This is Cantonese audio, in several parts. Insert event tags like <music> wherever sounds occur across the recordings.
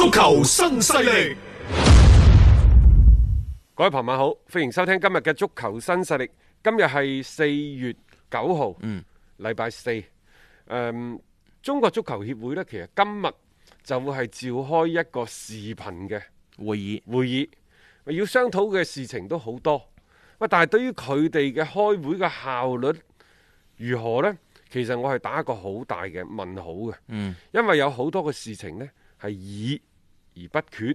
足球新勢力，各位朋友好，歡迎收聽今日嘅足球新勢力。今日係、嗯、四月九號，嗯，禮拜四。誒，中國足球協會呢，其實今日就會係召開一個視頻嘅會議，會議，會議要商討嘅事情都好多。喂，但係對於佢哋嘅開會嘅效率如何呢？其實我係打一個好大嘅問號嘅。嗯，因為有好多嘅事情呢係以而不決，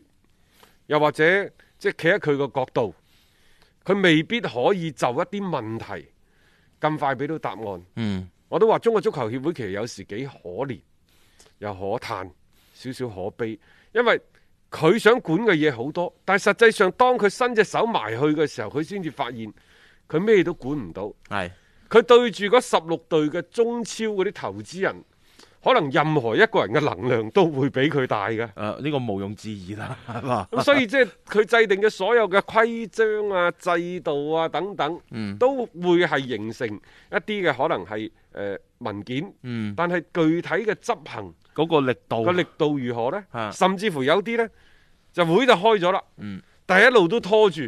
又或者即係企喺佢個角度，佢未必可以就一啲問題咁快俾到答案。嗯，我都話中國足球協會其實有時幾可憐，又可嘆，少少可悲，因為佢想管嘅嘢好多，但係實際上當佢伸隻手埋去嘅時候，佢先至發現佢咩都管唔到。係是，佢對住嗰十六隊嘅中超嗰啲投資人。可能任何一個人嘅能量都會比佢大嘅。誒呢、啊呢個毋庸置疑啦， <laughs> 所以即係佢制定嘅所有嘅規章啊、制度啊等等，嗯、都會係形成一啲嘅可能係誒、呃、文件，嗯，但係具體嘅執行嗰個力度、啊，個力度如何呢？啊、甚至乎有啲呢，就會就開咗啦，嗯，但係一路都拖住。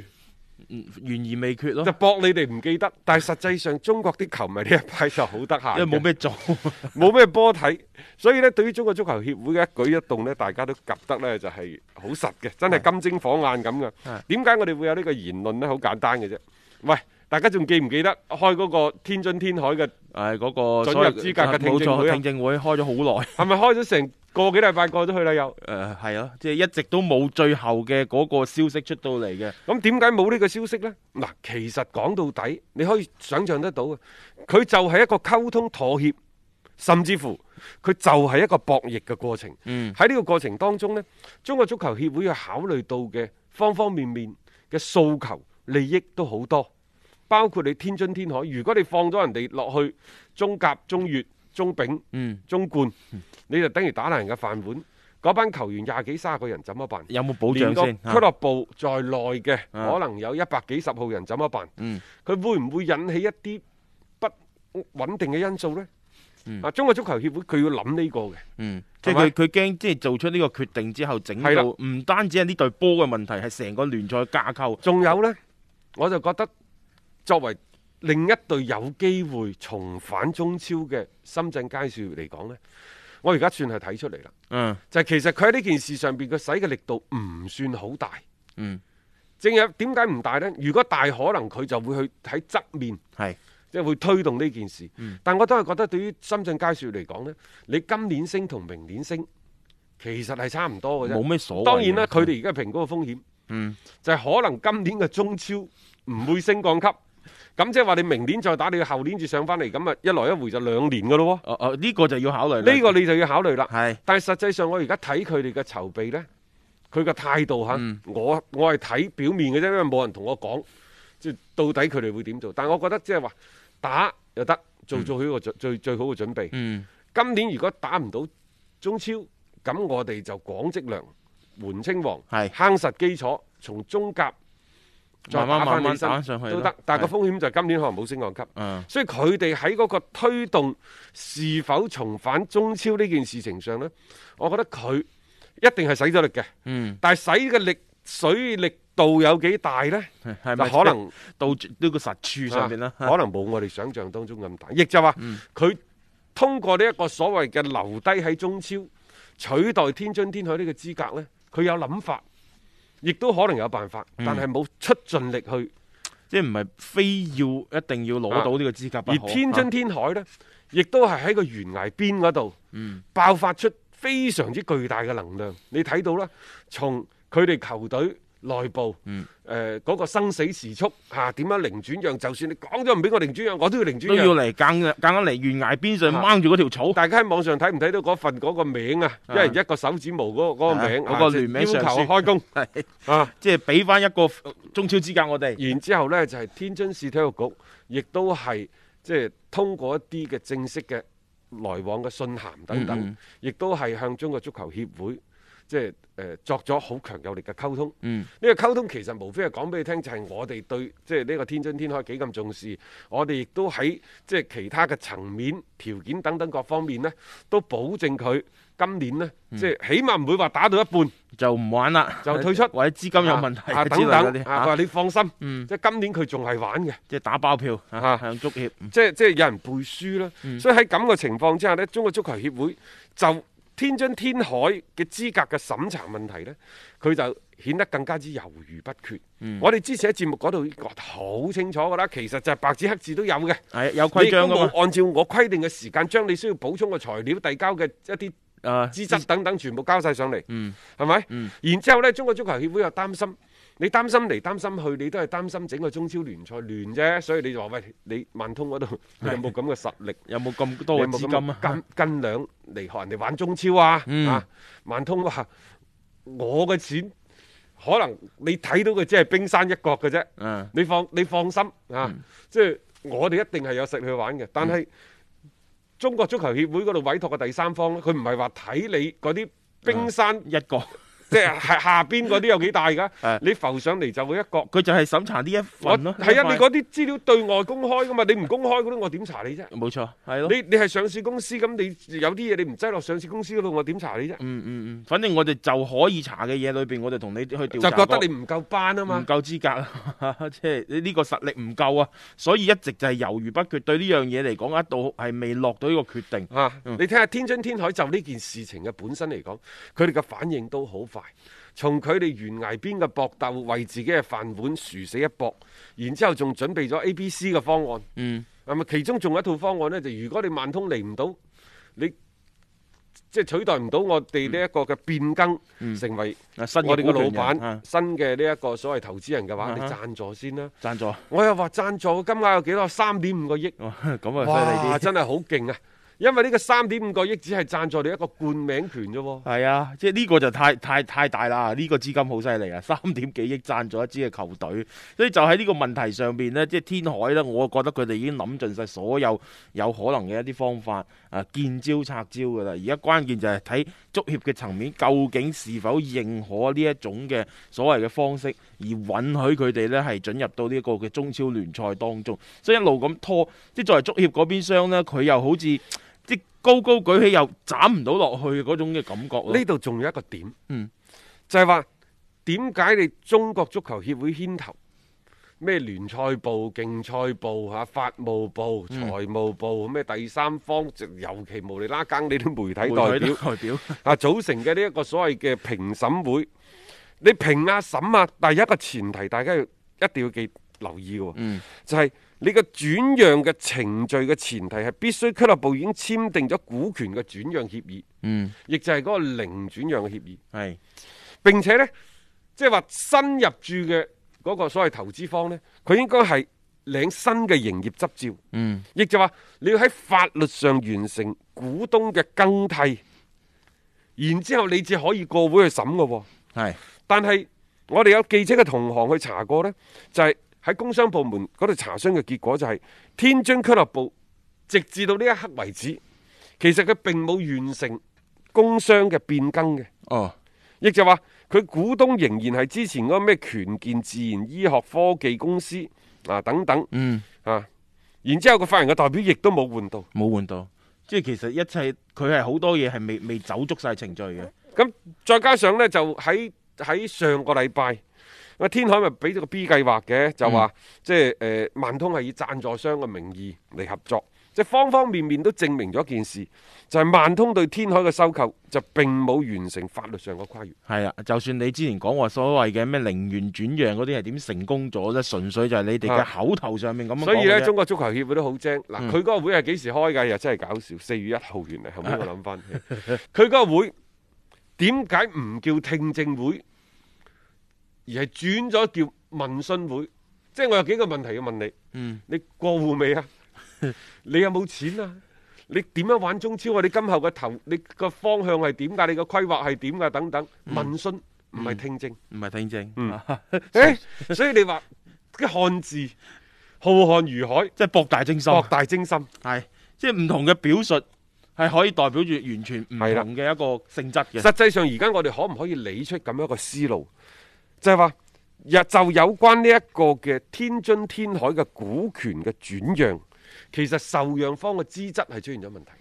懸而未決咯，就 <noise> 博你哋唔記得，但係實際上中國啲球迷呢一派就好得閒， <laughs> 因為冇咩做，冇 <laughs> 咩波睇，所以呢，對於中國足球協會嘅一舉一動呢，大家都夾得呢就係好實嘅，真係金睛火眼咁嘅。點解的我哋會有呢個言論呢？好簡單嘅啫，喂。大家仲記唔記得開嗰個天津天海嘅？誒，嗰個准入資格嘅聽證聽證會開咗好耐，係咪開咗成個幾禮拜過咗去啦？又誒係啊，即係一直都冇最後嘅嗰個消息出到嚟嘅。咁點解冇呢個消息呢？嗱，其實講到底，你可以想象得到嘅，佢就係一個溝通妥協，甚至乎佢就係一個博弈嘅過程。嗯，喺呢個過程當中呢，中國足球協會要考慮到嘅方方面面嘅訴求利益都好多。包括你天津天海，如果你放咗人哋落去中甲、中乙、中丙、中冠，你就等於打爛人嘅飯碗。嗰班球員廿幾卅個人，怎麼辦？有冇保障先？俱樂部在內嘅可能有一百幾十號人，怎麼辦？佢會唔會引起一啲不穩定嘅因素咧？啊！中國足球協會佢要諗呢個嘅，即係佢佢驚，即係做出呢個決定之後，整到唔單止係呢隊波嘅問題，係成個聯賽架構。仲有咧，我就覺得。作為另一隊有機會重返中超嘅深圳佳兆業嚟講呢，我而家算係睇出嚟啦。嗯，就係其實佢喺呢件事上邊，佢使嘅力度唔算好大。嗯，正有點解唔大呢？如果大可能佢就會去喺側面，係即係會推動呢件事。嗯，但我都係覺得對於深圳佳兆業嚟講呢，你今年升同明年升，其實係差唔多嘅啫。冇咩所謂。當然啦，佢哋而家評估嘅風險，嗯，就係可能今年嘅中超唔會升降級。 <laughs> 咁即係話你明年再打，你後年至上翻嚟，咁啊一來一回就兩年噶咯喎。呢、啊啊呢個就要考慮，呢個你就要考慮啦。係是，但係實際上我而家睇佢哋嘅籌備呢，佢個是態度吓、嗯，我我係睇表面嘅啫，因為冇人同我講，即到底佢哋會點做。但係我覺得即係話打又得，做做好個最、嗯、最好嘅準備。嗯、今年如果打唔到中超，咁我哋就廣積糧，緩稱王，夯實基礎，從中甲。慢慢打翻上去都得，但係個風險就今年可能冇升降級，的嗯、所以佢哋喺嗰個推動是否重返中超呢件事情上呢，我覺得佢一定係使咗力嘅，嗯、但係使嘅力水力度有幾大呢？係咪的可能到呢個實處上面咧？的啊、可能冇我哋想象當中咁大，亦就話佢、嗯、通過呢一個所謂嘅留低喺中超取代天津天海呢個資格呢，佢有諗法。亦都可能有辦法，但係冇出盡力去，嗯、即係唔係非要一定要攞到呢個資格、啊。而天津天海呢，亦都係喺個懸崖邊嗰度、嗯、爆發出非常之巨大嘅能量。你睇到啦，從佢哋球隊內部誒嗰個生死時速嚇，點樣零轉讓？就算你講咗唔俾我零轉讓，我都要零轉讓，都要嚟硬硬，嚟懸崖邊上掹住嗰條草。大家喺網上睇唔睇到嗰份嗰個名啊？一人一個手指模嗰、嗰個名嗰個聯名上書，要求開工啊！即係俾翻一個中超資格我哋。然之後咧就係天津市體育局，亦都係即係通過一啲嘅正式嘅來往嘅信函等等，亦都係向中國足球協會。即係誒，作咗好強有力嘅溝通。嗯，呢個溝通其實無非係講俾你聽，就係我哋對即係呢個天津天海幾咁重視。我哋亦都喺即係其他嘅層面、條件等等各方面呢，都保證佢今年呢，即係起碼唔會話打到一半就唔玩啦，就退出或者資金有問題等等。佢話你放心，即係今年佢仲係玩嘅，啊，即係打包票向足協，即係即係有人背書啦。所以喺咁嘅情況之下呢，中國足球協會就，天津天海嘅資格嘅審查問題呢，佢就顯得更加之猶豫不決。嗯、我哋之前喺節目嗰度講得好清楚㗎啦，其實就係白紙黑字都有嘅，係、哎、有規章嘅。按照我規定嘅時間將你需要補充嘅材料遞交嘅一啲誒資質等等，全部交晒上嚟，係咪？然之後呢，中國足球協會又擔心。你擔心嚟，擔心去，你都係擔心整個中超聯賽亂啫，所以你就話喂，你萬通嗰度有冇咁嘅實力，有冇咁多嘅資金啊？斤斤兩嚟學人哋玩中超啊？啊，萬通話我嘅錢可能你睇到嘅只係冰山一角嘅啫。你放你放心啊，即係我哋一定係有食去玩嘅。但係中國足球協會嗰度委託嘅第三方咧，佢唔係話睇你嗰啲冰山一角。即係 <laughs> 下邊嗰啲有幾大噶？你浮上嚟就會一個，佢就係審查呢一份咯。係啊，我你嗰啲資料對外公開噶嘛？你唔公開嗰啲，我點查你啫？冇錯，係咯。你你係上市公司咁，你有啲嘢你唔擠落上市公司嗰度，我點查你啫？嗯嗯嗯，反正我哋就可以查嘅嘢裏邊，我哋同你去調查。就覺得你唔夠班啊嘛，唔夠資格，即係呢個實力唔夠啊，所以一直就係猶豫不決。對呢樣嘢嚟講，一度係未落到呢個決定。嚇、嗯啊，你聽下天津天海就呢件事情嘅本身嚟講，佢哋嘅反應都好快。從佢哋懸崖邊嘅搏鬥，為自己嘅飯碗殊死一搏，然之後仲準備咗 A、B、C 嘅方案。嗯，係咪其中仲有一套方案呢，就如果你萬通嚟唔到，你即係取代唔到我哋呢一個嘅變更，嗯嗯、成為我哋嘅老闆、嗯、新嘅呢一個所謂投資人嘅話，嗯、你讚助先啦、啊。讚、嗯、助，我又話讚助，金額有幾多？三點五個億。哇，咁啊犀利啲，真係好勁啊！ <laughs> <laughs> <laughs> 因為呢個三點五個億只係贊助你一個冠名權啫，係啊，即係呢個就太太太大啦，呢個資金好犀利啊，三點幾億贊助一支嘅球隊，所以就喺呢個問題上邊呢，即係天海呢，我覺得佢哋已經諗盡晒所有有可能嘅一啲方法啊，見招拆招噶啦，而家關鍵就係睇足協嘅層面究竟是否認可呢一種嘅所謂嘅方式，而允許佢哋呢係准入到呢個嘅中超聯賽當中，所以一路咁拖，即係作為足協嗰邊商呢，佢又好似。即高高舉起又斬唔到落去嗰種嘅感覺，呢度仲有一個點，嗯，就係話點解你中國足球協會牽頭咩聯賽部、競賽部、吓法務部、財務部、咩第三方，尤其無理拉更你啲媒體代表，代表啊組成嘅呢一個所謂嘅評審會，你評啊審啊，第一個前提，大家要一定要記。留意嘅，嗯、就係你個轉讓嘅程序嘅前提係必須俱樂部已經簽訂咗股權嘅轉讓協議，亦、嗯、就係嗰個零轉讓嘅協議，係是，並且呢，即係話新入駐嘅嗰個所謂投資方呢，佢應該係領新嘅營業執照，亦、嗯、就話你要喺法律上完成股東嘅更替，然之後你至可以過會去審嘅，係是。但係我哋有記者嘅同行去查過呢，就係、是。喺工商部門嗰度查詢嘅結果就係、是、天津俱樂部，直至到呢一刻為止，其實佢並冇完成工商嘅變更嘅。哦，亦就話佢股東仍然係之前嗰個咩權健自然醫學科技公司啊等等。嗯，吓、啊，然之後個法人嘅代表亦都冇換到，冇換到，即係其實一切佢係好多嘢係未未走足晒程序嘅。咁再加上呢，就喺喺上個禮拜。啊，天海咪俾咗個 B 計劃嘅，就話、嗯、即係誒萬通係以贊助商嘅名義嚟合作，即係方方面面都證明咗件事，就係、是、萬通對天海嘅收購就並冇完成法律上嘅跨越。係啦、啊，就算你之前講話所謂嘅咩零元轉讓嗰啲係點成功咗咧，純粹就係你哋嘅口頭上面咁、啊、所以咧，中國足球協會都好精嗱，佢嗰、嗯、個會係幾時開㗎？又真係搞笑，四月一號完嘅，我諗翻佢嗰個會點解唔叫聽證會？而係轉咗叫問詢會，即係我有幾個問題要問你。嗯，你過戶未啊？ <laughs> 你有冇錢啊？你點樣玩中超啊？你今後嘅投，你個方向係點㗎？你個規劃係點㗎？等等。問詢唔係聽證，唔係、嗯、聽證。嗯、 <laughs> 欸，所以你話啲漢字浩瀚如海，即係博大精深。博大精深係，即係唔同嘅表述係可以代表住完全唔同嘅一個性質。實際上，而家我哋可唔可以理出咁樣一個思路？就係話，日就有關呢一個嘅天津天海嘅股權嘅轉讓，其實受讓方嘅資質係出現咗問題。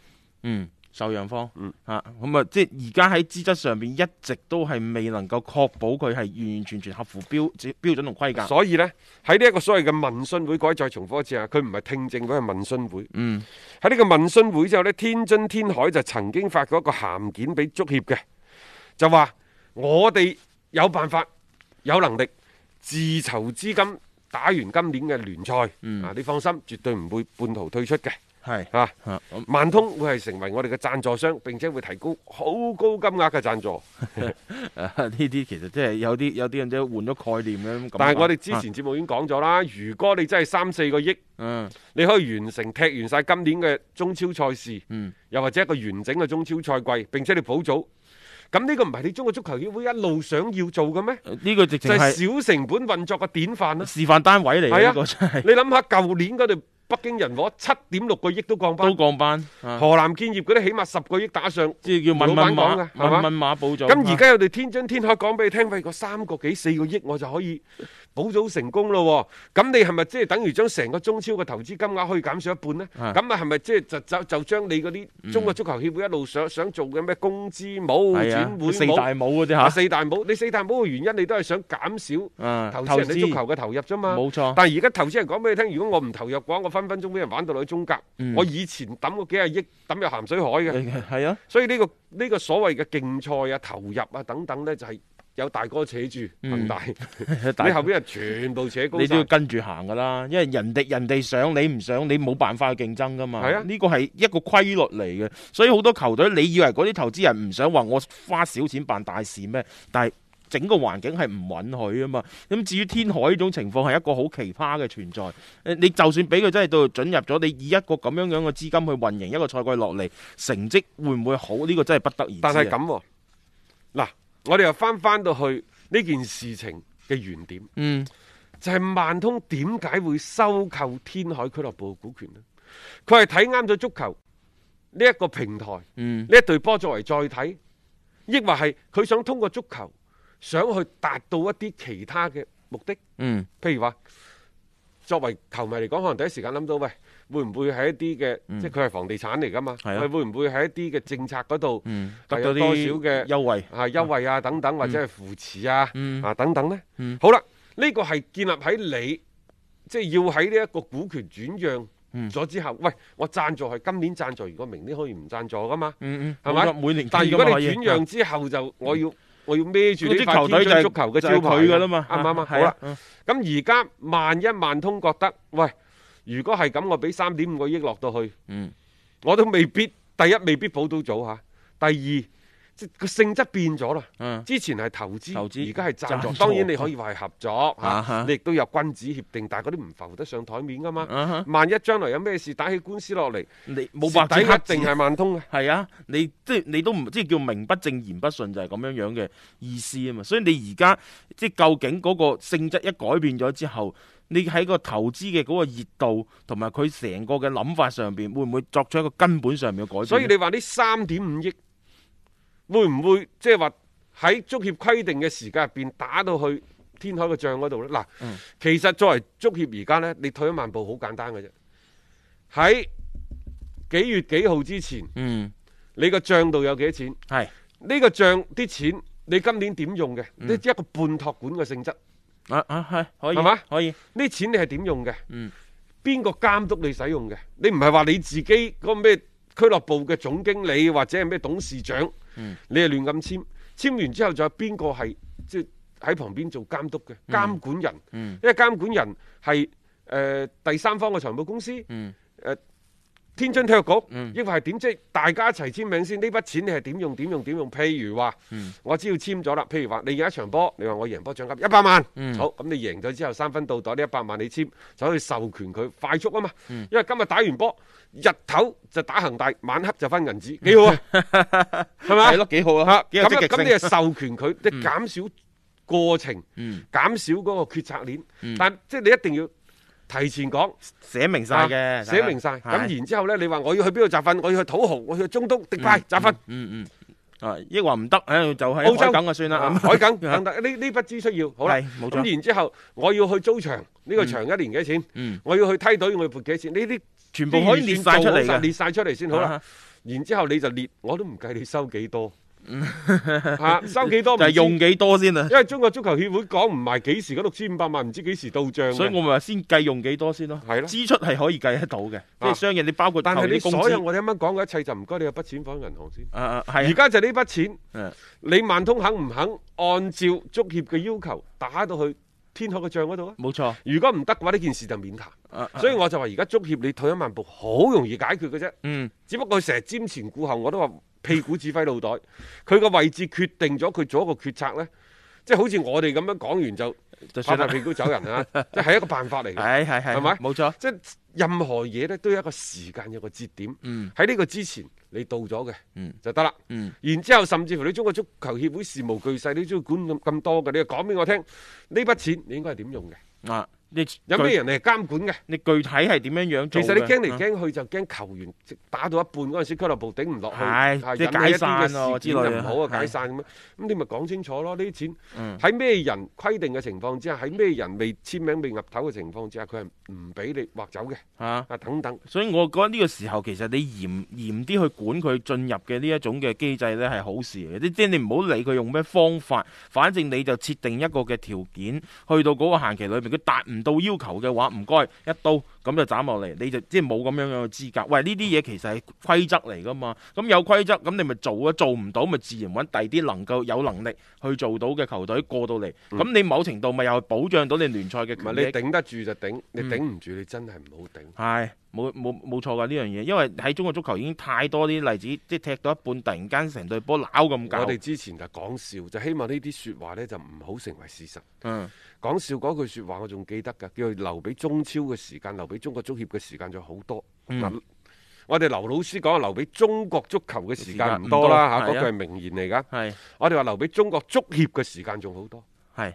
嗯，受讓方，嗯嚇咁啊，即係而家喺資質上面一直都係未能夠確保佢係完完全全合符標標準同規格。所以呢，喺呢一個所謂嘅問詢會，改再重複一次啊，佢唔係聽證會，係問詢會。嗯，喺呢個問詢會之後呢，天津天海就曾經發過一個函件俾足協嘅，就話我哋有辦法。有能力自籌資金打完今年嘅聯賽，嗯、啊，你放心，絕對唔會半途退出嘅。係啊、啊，萬通會係成為我哋嘅贊助商，並且會提高好高金額嘅贊助。呢啲、 <laughs> 啊、其實即係有啲有啲人都係換咗概念嘅。但係我哋之前節目已經講咗啦，啊、如果你真係三四個億，啊嗯、你可以完成踢完晒今年嘅中超賽事，又、嗯、或者一個完整嘅中超賽季，並且你補足。咁呢個唔係你中國足球協會一路想要做嘅咩？呢、呃這個直情係小成本運作嘅典範啦，示範單位嚟嘅，係是啊，你諗下舊年嗰度。北京人和七點六個億都降班，都降班。河南建業嗰啲起碼十個億打上。即係叫問問馬，問問馬補咗。咁而家我哋天津天海講俾你聽，費個三個幾四個億，我就可以補咗成功咯。咁你係咪即係等於將成個中超嘅投資金額可以減少一半呢？咁啊係咪即係就就就將你嗰啲中國足球協會一路想想做嘅咩工資帽轉會帽？四大帽嗰啲吓，四大帽。你四大帽嘅原因，你都係想減少嗯投資人喺足球嘅投入啫嘛。冇錯。但係而家投資人講俾你聽，如果我唔投入嘅話，我分分鐘俾人玩到落去中甲，我以前抌過幾廿億抌入鹹水海嘅，係、嗯、啊，所以呢、呢個呢、呢個所謂嘅競賽啊、投入啊等等呢，就係有大哥扯住恒大，嗯、 <laughs> 大哥你後邊係全部扯高，你都要跟住行噶啦，因為人哋人哋上你唔上，你冇辦法去競爭噶嘛。係啊，呢個係一個規律嚟嘅，所以好多球隊，你以為嗰啲投資人唔想話我花少錢辦大事咩？但係整個環境係唔允許啊嘛，咁至於天海呢種情況係一個好奇葩嘅存在。誒，你就算俾佢真係到准入咗，你以一個咁樣樣嘅資金去運營一個賽季落嚟，成績會唔會好？呢、呢個真係不得而知。但係咁、啊，嗱來，我哋又翻翻到去呢、嗯、件事情嘅原點，嗯，就係萬通點解會收購天海俱樂部嘅股權咧？佢係睇啱咗足球呢一個平台，嗯，呢一隊波作為載體，抑或係佢想通過足球。想去達到一啲其他嘅目的，嗯，譬如話作為球迷嚟講，可能第一時間諗到，喂，會唔會係一啲嘅，即係佢係房地產嚟噶嘛？係啊，會唔會係一啲嘅政策嗰度得到多少嘅優惠啊？優惠啊等等，或者係扶持啊啊等等呢？好啦，呢個係建立喺你即係要喺呢一個股權轉讓咗之後，喂，我贊助係今年贊助，如果明年可以唔贊助噶嘛？嗯，係咪？但係如果你轉讓之後就我要。我要孭住啲球隊足球嘅招牌噶啦嘛，啱唔啱啊？啊好啦了，咁而家萬一萬通覺得，喂，如果係咁，我俾三點五個億落到去，嗯，我都未必第一，未必補到組嚇，第二。即個性質變咗啦，之前係投資，而家係贊助，助，當然你可以話係合作，吓、啊啊、你亦都有君子協定，但係嗰啲唔浮得上台面噶嘛。啊、萬一將來有咩事打起官司落嚟，你冇話底嘅定係萬通嘅。係啊，你即你，你都唔即叫名不正言不順就係咁樣樣嘅意思啊嘛。所以你而家即究竟嗰個性質一改變咗之後，你喺個投資嘅嗰個熱度同埋佢成個嘅諗法上邊會唔會作出一個根本上面嘅改變？所以你話呢三點五億。會唔會即係話喺足協規定嘅時間入邊打到去天海嘅賬嗰度咧？嗱，嗯、其實作為足協而家咧，你退一萬步好簡單嘅啫。喺幾月幾號之前，嗯、你個賬度有幾多錢？係呢係個賬啲錢你今年點用嘅？呢、嗯、一個半託管嘅性質啊啊，係可以係嘛？可以呢吧以錢你係點用嘅？邊個監督你使用嘅？你唔係話你自己嗰個咩俱樂部嘅總經理或者係咩董事長？嗯，你係亂咁簽，簽完之後仲有邊個係即係喺旁邊做監督嘅監管人？嗯嗯、因為監管人係誒、呃、第三方嘅財務公司。嗯，誒、呃。天津體育局，亦或係點即？大家一齊簽名先，呢筆錢你係點用？點用？點用？譬如話，我只要簽咗啦。譬如話，你有一場波，你話我贏波獎金一百萬，好，咁你贏咗之後三分到袋呢一百萬，你簽就可以授權佢快速啊嘛。因為今日打完波，日頭就打恒大，晚黑就分銀紙，幾好啊？係咪？係咯，幾好啊！嚇，咁咁你係授權佢，你減少過程，減少嗰個決策鏈，但即係你一定要。提前講寫明晒嘅，寫明晒咁，然之後咧，你話我要去邊度集訓，我要去土豪，我要去中東迪拜集訓。嗯嗯，啊，抑或唔得，唉，就係澳洲梗啊算啦，海埂等等，呢呢筆支出要好啦。咁然之後我要去租場，呢個場一年幾錢？我要去梯度，我要付幾錢？呢啲全部可以列晒出嚟，列晒出嚟先好啦。然之後你就列，我都唔計你收幾多。吓收幾多唔係用幾多先啊！因為中國足球協會講唔埋幾時嗰六千五百萬，唔知幾時到賬，所以我咪話先計用幾多先咯。係咯，支出係可以計得到嘅，即係商業你包括求你所有我哋啱啱講嘅一切，就唔該，你有筆錢放喺銀行先。而家就呢筆錢，你萬通肯唔肯按照足協嘅要求打到去天海嘅賬嗰度啊？冇錯。如果唔得嘅話，呢件事就免談。所以我就話而家足協你退一萬步好容易解決嘅啫。只不過成日瞻前顧後，我都話。屁股指揮腦袋，佢個位置決定咗佢做一個決策咧，即係好似我哋咁樣講完就就，晒屁股走人啊！ <laughs> 即係一個辦法嚟嘅，係係係，係咪錯？冇錯，即係任何嘢咧都有一個時間有個節點，嗯，喺呢個之前你到咗嘅，嗯，就得啦，嗯，然之後甚至乎你中國足球協會事無巨細，你都要管咁咁多嘅，你就，講俾我聽呢筆錢你應該係點用嘅啊？你有咩人嚟監管嘅？你具體係點樣樣做？其實你驚嚟驚去就驚球員打到一半嗰陣時，俱樂部頂唔落去，即係、哎、解散嘅事，自然唔好啊，解散咁樣。咁、嗯、你咪講清楚咯，呢啲錢喺咩人規定嘅情況之下，喺咩人未簽名未入頭嘅情況之下，佢係唔俾你劃走嘅嚇啊等等。所以我覺得呢個時候其實你嚴嚴啲去管佢進入嘅呢一種嘅機制咧係好事嚟嘅。就是、你即係你唔好理佢用咩方法，反正你就設定一個嘅條件，去到嗰個限期裏面，佢達唔到要求嘅話，唔該一刀咁就斬落嚟，你就即係冇咁樣樣嘅資格。喂，呢啲嘢其實係規則嚟噶嘛？咁有規則，咁你咪做啊！做唔到咪自然揾第二啲能夠有能力去做到嘅球隊過到嚟。咁、嗯、你某程度咪又保障到你聯賽嘅權益。你頂得住就頂、嗯，你頂唔住你真係唔好頂。係。冇冇冇錯㗎，呢樣嘢，因為喺中國足球已經太多啲例子，即係踢到一半突然間成隊波撈咁搞。我哋之前就講笑，就希望呢啲説話呢就唔好成為事實。嗯，講笑嗰句説話我仲記得㗎，叫留俾中超嘅時間，留俾中國足協嘅時間仲好多。嗯啊、我哋劉老師講留俾中國足球嘅時間唔多啦嚇，嗰、啊、句係名言嚟㗎。係、啊，我哋話留俾中國足協嘅時間仲好多。係。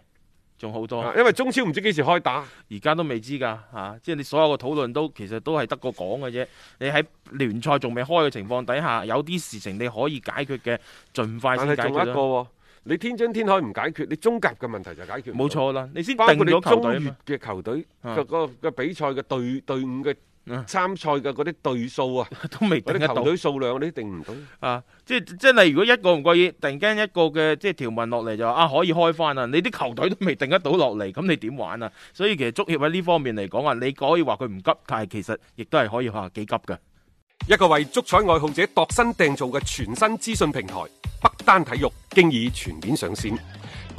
仲好多，因為中超唔知幾時開打，而家都未知㗎吓，即、啊、係、就是、你所有嘅討論都其實都係得個講嘅啫。你喺聯賽仲未開嘅情況底下，有啲事情你可以解決嘅，儘快先解決啦。但係仲一個喎，你天津天海唔解決，你中甲嘅問題就解決。冇錯啦。你先定咗中乙嘅球隊、啊、球隊個比賽嘅隊隊伍嘅。參賽嘅嗰啲隊數啊，數都未定得到。球隊數量你定唔到啊，即係真係如果一個唔過意，突然間一個嘅即係條文落嚟就，啊可以開翻啊，你啲球隊都未定得到落嚟，咁你點玩啊？所以其實足協喺呢方面嚟講啊，你可以話佢唔急，但係其實亦都係可以話幾急㗎。一個為足彩愛好者度身訂造嘅全新資訊平台北單體育，經已全面上線。